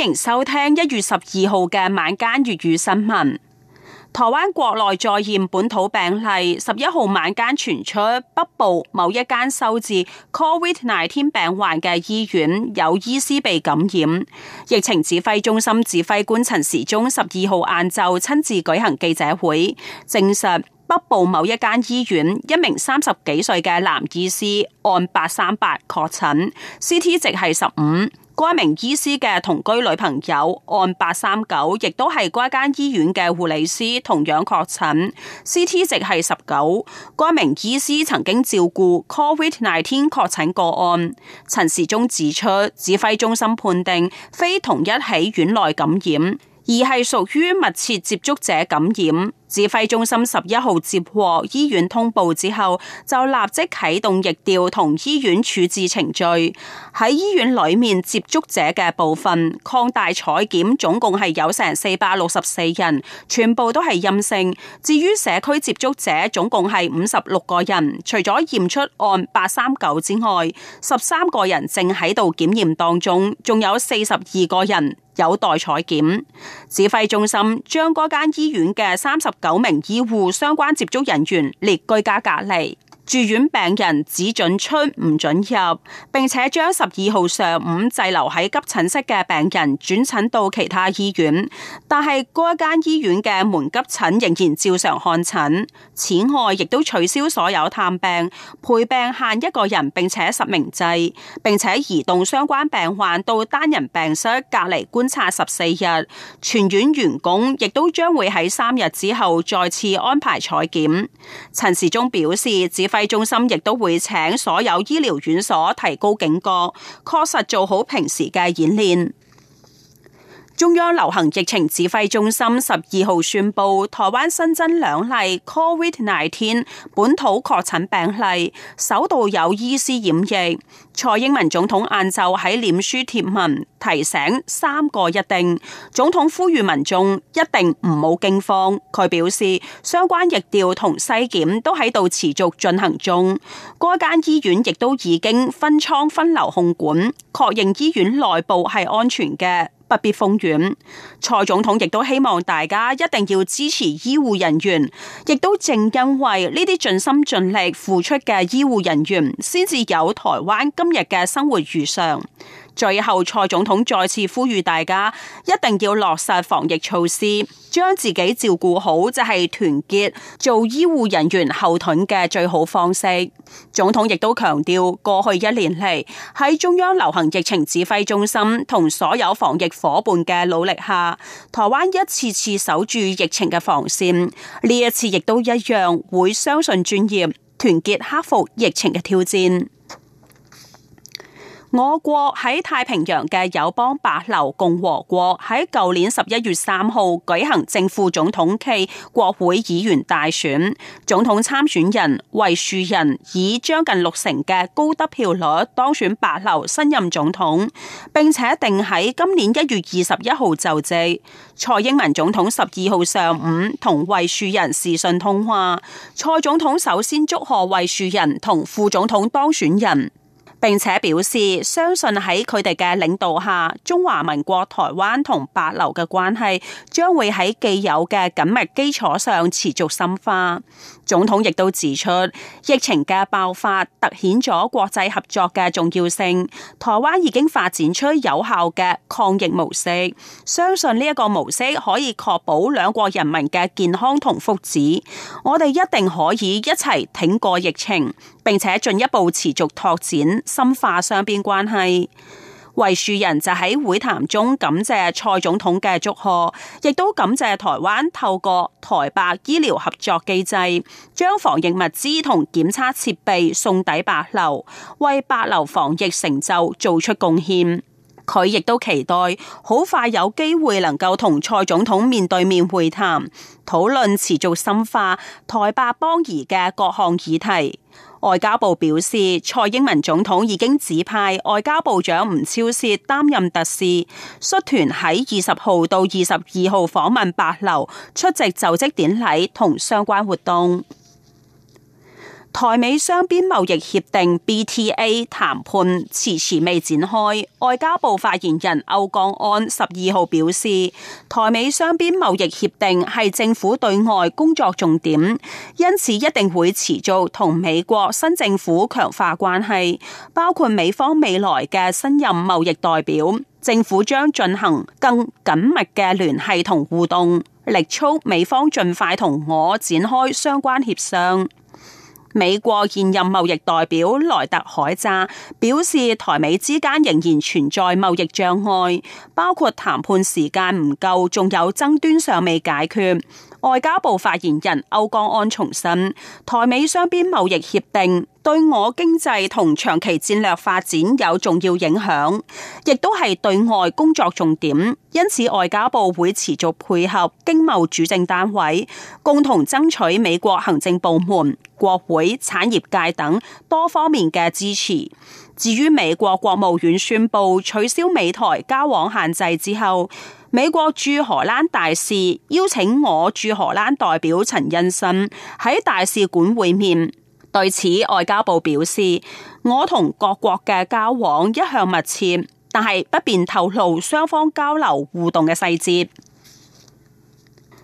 歡迎收聽一月十二號嘅晚間粵語新聞。台灣國內再現本土病例，十一號晚間傳出北部某一間收治 COVID-19 病患嘅醫院有醫師被感染。疫情指揮中心指揮官陳時中十二號晏晝親自舉行記者會，證實北部某一間醫院一名三十幾歲嘅男醫師案八三八確診，CT 值係十五。該名醫師嘅同居女朋友案八三九，亦都係該間醫院嘅護理師，同樣確診，CT 值係十九。該名醫師曾經照顧 Covid nineteen 確診個案。陳時中指出，指揮中心判定非同一起院內感染，而係屬於密切接觸者感染。指揮中心十一號接獲醫院通報之後，就立即啟動疫調同醫院處置程序。喺醫院裏面接觸者嘅部分，擴大採檢，總共係有成四百六十四人，全部都係陰性。至於社區接觸者，總共係五十六個人，除咗驗出案八三九之外，十三個人正喺度檢驗當中，仲有四十二個人有待採檢。指揮中心將嗰間醫院嘅三十。九名醫護相關接觸人員列居家隔離。住院病人只准出唔准入，並且將十二號上午滯留喺急診室嘅病人轉診到其他醫院，但係該間醫院嘅門急診仍然照常看診。此外，亦都取消所有探病，陪病限一個人，並且實名制，並且移動相關病患到單人病室隔離觀察十四日。全院員工亦都將會喺三日之後再次安排採檢。陳時中表示，指中心亦都會請所有醫療院所提高警覺，確實做好平時嘅演練。中央流行疫情指揮中心十二號宣布，台灣新增兩例 COVID 19本土確診病例，首度有醫師染疫。蔡英文總統晏晝喺臉書貼文提醒三個一定，總統呼籲民眾一定唔好驚慌。佢表示，相關疫調同篩檢都喺度持續進行中，該間醫院亦都已經分倉分流控管，確認醫院內部係安全嘅。不必封院，蔡總統亦都希望大家一定要支持醫護人員，亦都正因為呢啲盡心盡力付出嘅醫護人員，先至有台灣今日嘅生活如常。最後，蔡總統再次呼籲大家一定要落實防疫措施，將自己照顧好就團，就係團結做醫護人員後盾嘅最好方式。總統亦都強調，過去一年嚟喺中央流行疫情指揮中心同所有防疫夥伴嘅努力下，台灣一次次守住疫情嘅防線，呢一次亦都一樣會相信專業、團結，克服疫情嘅挑戰。我國喺太平洋嘅友邦帛琉共和國喺舊年十一月三號舉行正副總統暨國會議員大選，總統參選人惠恕仁以將近六成嘅高得票率當選帛琉新任總統，並且定喺今年一月二十一號就職。蔡英文總統十二號上午同惠恕仁視訊通話，蔡總統首先祝賀惠恕仁同副總統當選人。並且表示相信喺佢哋嘅領導下，中華民國台灣同帛琉嘅關係將會喺既有嘅緊密基礎上持續深化。總統亦都指出，疫情嘅爆發凸顯咗國際合作嘅重要性。台灣已經發展出有效嘅抗疫模式，相信呢一個模式可以確保兩國人民嘅健康同福祉。我哋一定可以一齊挺過疫情。並且進一步持續拓展、深化雙邊關係。惠恕仁就喺會談中感謝蔡總統嘅祝賀，亦都感謝台灣透過台帛醫療合作機制，將防疫物資同檢測設備送抵帛琉，為帛琉防疫成就做出貢獻。佢亦都期待好快有機會能夠同蔡總統面對面會談，討論持續深化台帛邦誼嘅各項議題。外交部表示，蔡英文總統已經指派外交部長吳釗燮擔任特使，率團喺二十號到二十二號訪問帛琉，出席就職典禮同相關活動。台美雙邊貿易協定 （BTA） 談判遲遲未展開，外交部發言人歐江安十二號表示，台美雙邊貿易協定係政府對外工作重點，因此一定會持續同美國新政府強化關係，包括美方未來嘅新任貿易代表，政府將進行更緊密嘅聯繫同互動，力促美方盡快同我展開相關協商。美國現任貿易代表萊特海澤表示，台美之間仍然存在貿易障礙，包括談判時間唔夠，仲有爭端尚未解決。外交部發言人歐江安重申，台美雙邊貿易協定，對我經濟同長期戰略發展有重要影響，亦都係對外工作重點。因此，外交部會持續配合經貿主政單位，共同爭取美國行政部門、國會、產業界等多方面嘅支持。至於美國國務院宣布取消美台交往限制之後，美國駐荷蘭大使邀請我駐荷蘭代表陳欣申喺大使館會面。對此，外交部表示，我同各國嘅交往一向密切，但係不便透露雙方交流互動嘅細節。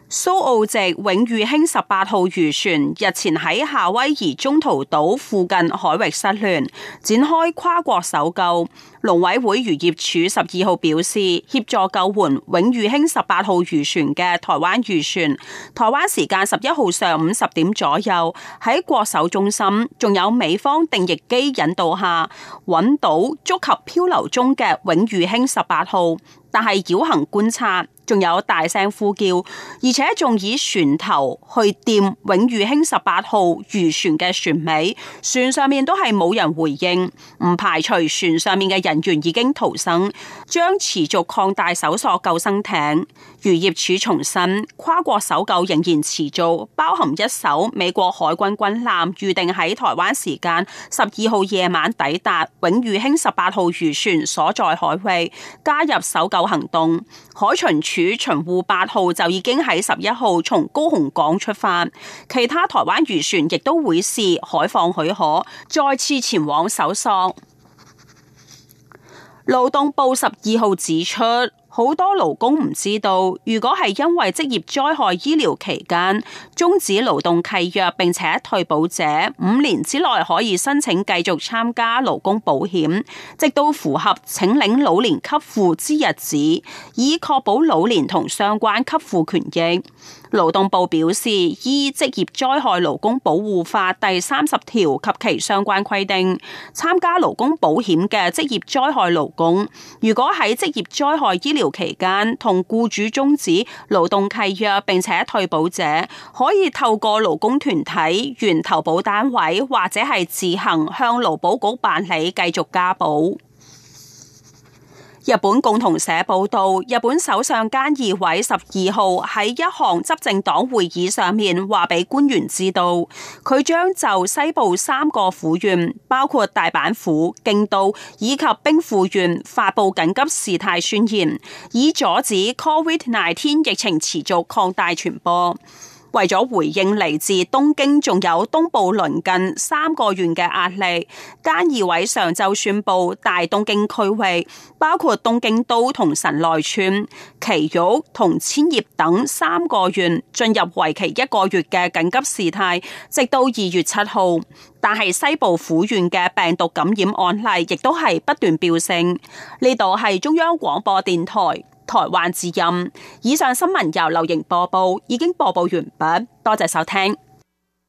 蘇澳籍永裕興十八號漁船日前喺夏威夷中途島附近海域失聯，展開跨國搜救。農委會漁業署十二號表示，協助救援永裕興十八號漁船嘅台灣漁船，台灣時間十一號上午十點左右喺國手中心，仲有美方定翼機引導下，揾到觸及漂流中嘅永裕興十八號，但係繞行觀察。仲有大聲呼叫，而且仲以船頭去掂永裕興十八號漁船嘅船尾，船上面都係冇人回應，唔排除船上面嘅人員已經逃生，將持續擴大搜索救生艇。漁業署重申，跨國搜救仍然持續，包含一艘美國海軍軍艦預定喺台灣時間十二號夜晚抵達永裕興十八號漁船所在海域，加入搜救行動。海巡署巡護八號就已經喺十一號從高雄港出發，其他台灣漁船亦都會視海況許可，再次前往搜索。勞動部十二號指出，好多勞工唔知道，如果係因為職業災害醫療期間終止勞動契約並且退保者，五年之內可以申請繼續參加勞工保險，直到符合請領老年給付之日子，以確保老年同相關給付權益。勞動部表示，依《職業災害勞工保護法》第三十條及其相關規定，參加勞工保險嘅職業災害勞工，如果喺職業災害醫療期間同雇主終止勞，勞動契約，並且退保者，可以透過勞工團體、原投保單位或者係自行向勞保局辦理繼續加保。日本共同社報道，日本首相菅義偉十二號喺一項執政黨會議上面話俾官員知道，佢將就西部三個府縣，包括大阪府、京都以及兵庫縣，發布緊急事態宣言，以阻止 Covid nineteen 疫情持續擴大傳播。為咗回應嚟自東京，仲有東部鄰近三個縣嘅壓力，菅義偉上晝宣布大東京區域，包括東京都同神奈川、埼玉同千葉等三個縣進入為期一個月嘅緊急事態，直到二月七號。但係西部府縣嘅病毒感染案例亦都係不斷飆升。呢度係中央廣播電台。台灣之音，以上新聞由劉瑩播報，已經播報完畢，多謝收聽。